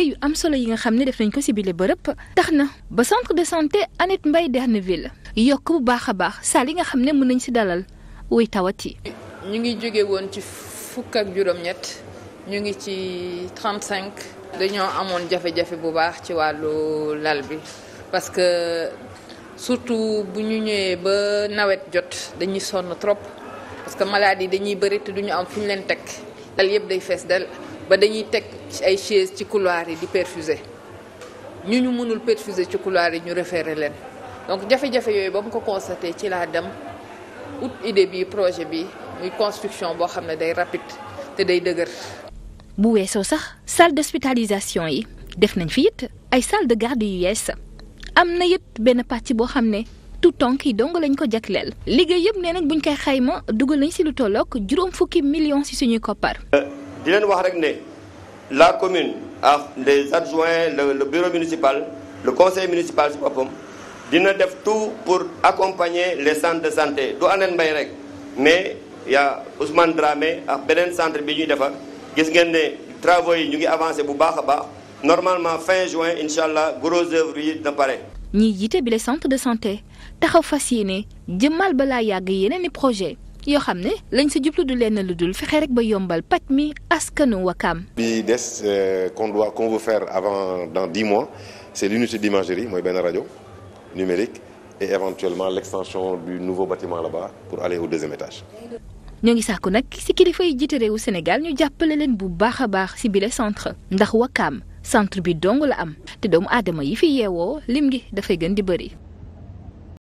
liggéey am solo yi nga xam ne def nañ ko si bile bërëb tax na ba centre de santé Annette Mbaye Derneville yokk bu baax a baax saal yi nga xam ne mën nañ si dalal wuy tawat yi. ñu ngi jóge woon ci fukk ak juróom-ñett ñu ngi ci cinq dañoo amoon jafe-jafe bu baax ci wàllu lal bi parce que surtout bu ñu ñëwee ba nawet jot dañuy sonn trop parce que malade yi dañuy bëri te duñu am fu ñu leen tekk lal yëpp day fees del ba dañuy teg ay chaise ci couloir yi di perfuser ñu ñu mënul perfuser ci couloir yi ñu référé leen donc jafe-jafe yooyu ba mu ko constaté ci laa dem ut idée bi projet bi muy construction boo xam ne day rapide te day dëgër. bu weesoo sax salle d'hospitalisation yi def nañ fi it ay salle de yu yu yees am na it benn pàcc boo xam ne tout tonk yi dong lañ ko jagleel liggéey yëpp nee nañ buñ koy xayma dugal nañ si lu tollook juróom fukki million si suñuy koppar. Euh, di leen wax rek ne la commune ah les adjoints le, le bureau municipal le conseil municipal si boppam dina def tout pour accompagner les centres de santé du Hann Mbaye rek mais y'a Ousmane Dramé ak beneen centre bi ñuy defar gis ngeen ne travaux yi ñu ngi avancé bu baax a baax normalement fin juin incha allah gros œuvre yi dina pare. ñiy jiite bi les centres de santé taxaw fas yéene jëmmal balaa yàgg yeneen i projet yoo xam ne lañ sa jublu du lenn lu dul fexe rek ba yombal paj mi askanu Wakaam. bi des euh, qu'on doit qu'on veut faire avant dans dix mois c'est l'unité d'imagerie mooy benn rajo numérique et éventuellement l'extension du nouveau bâtiment là pour aller au deuxième étage. ñoo ngi sàkku nag ci kilifa yi jiite réewu Sénégal ñu jàppale leen bu baax a baax ci bile centre ndax Wakaam centre bi dong la am te doomu aadama yi fi yeewoo lim gi dafay gën di bëri.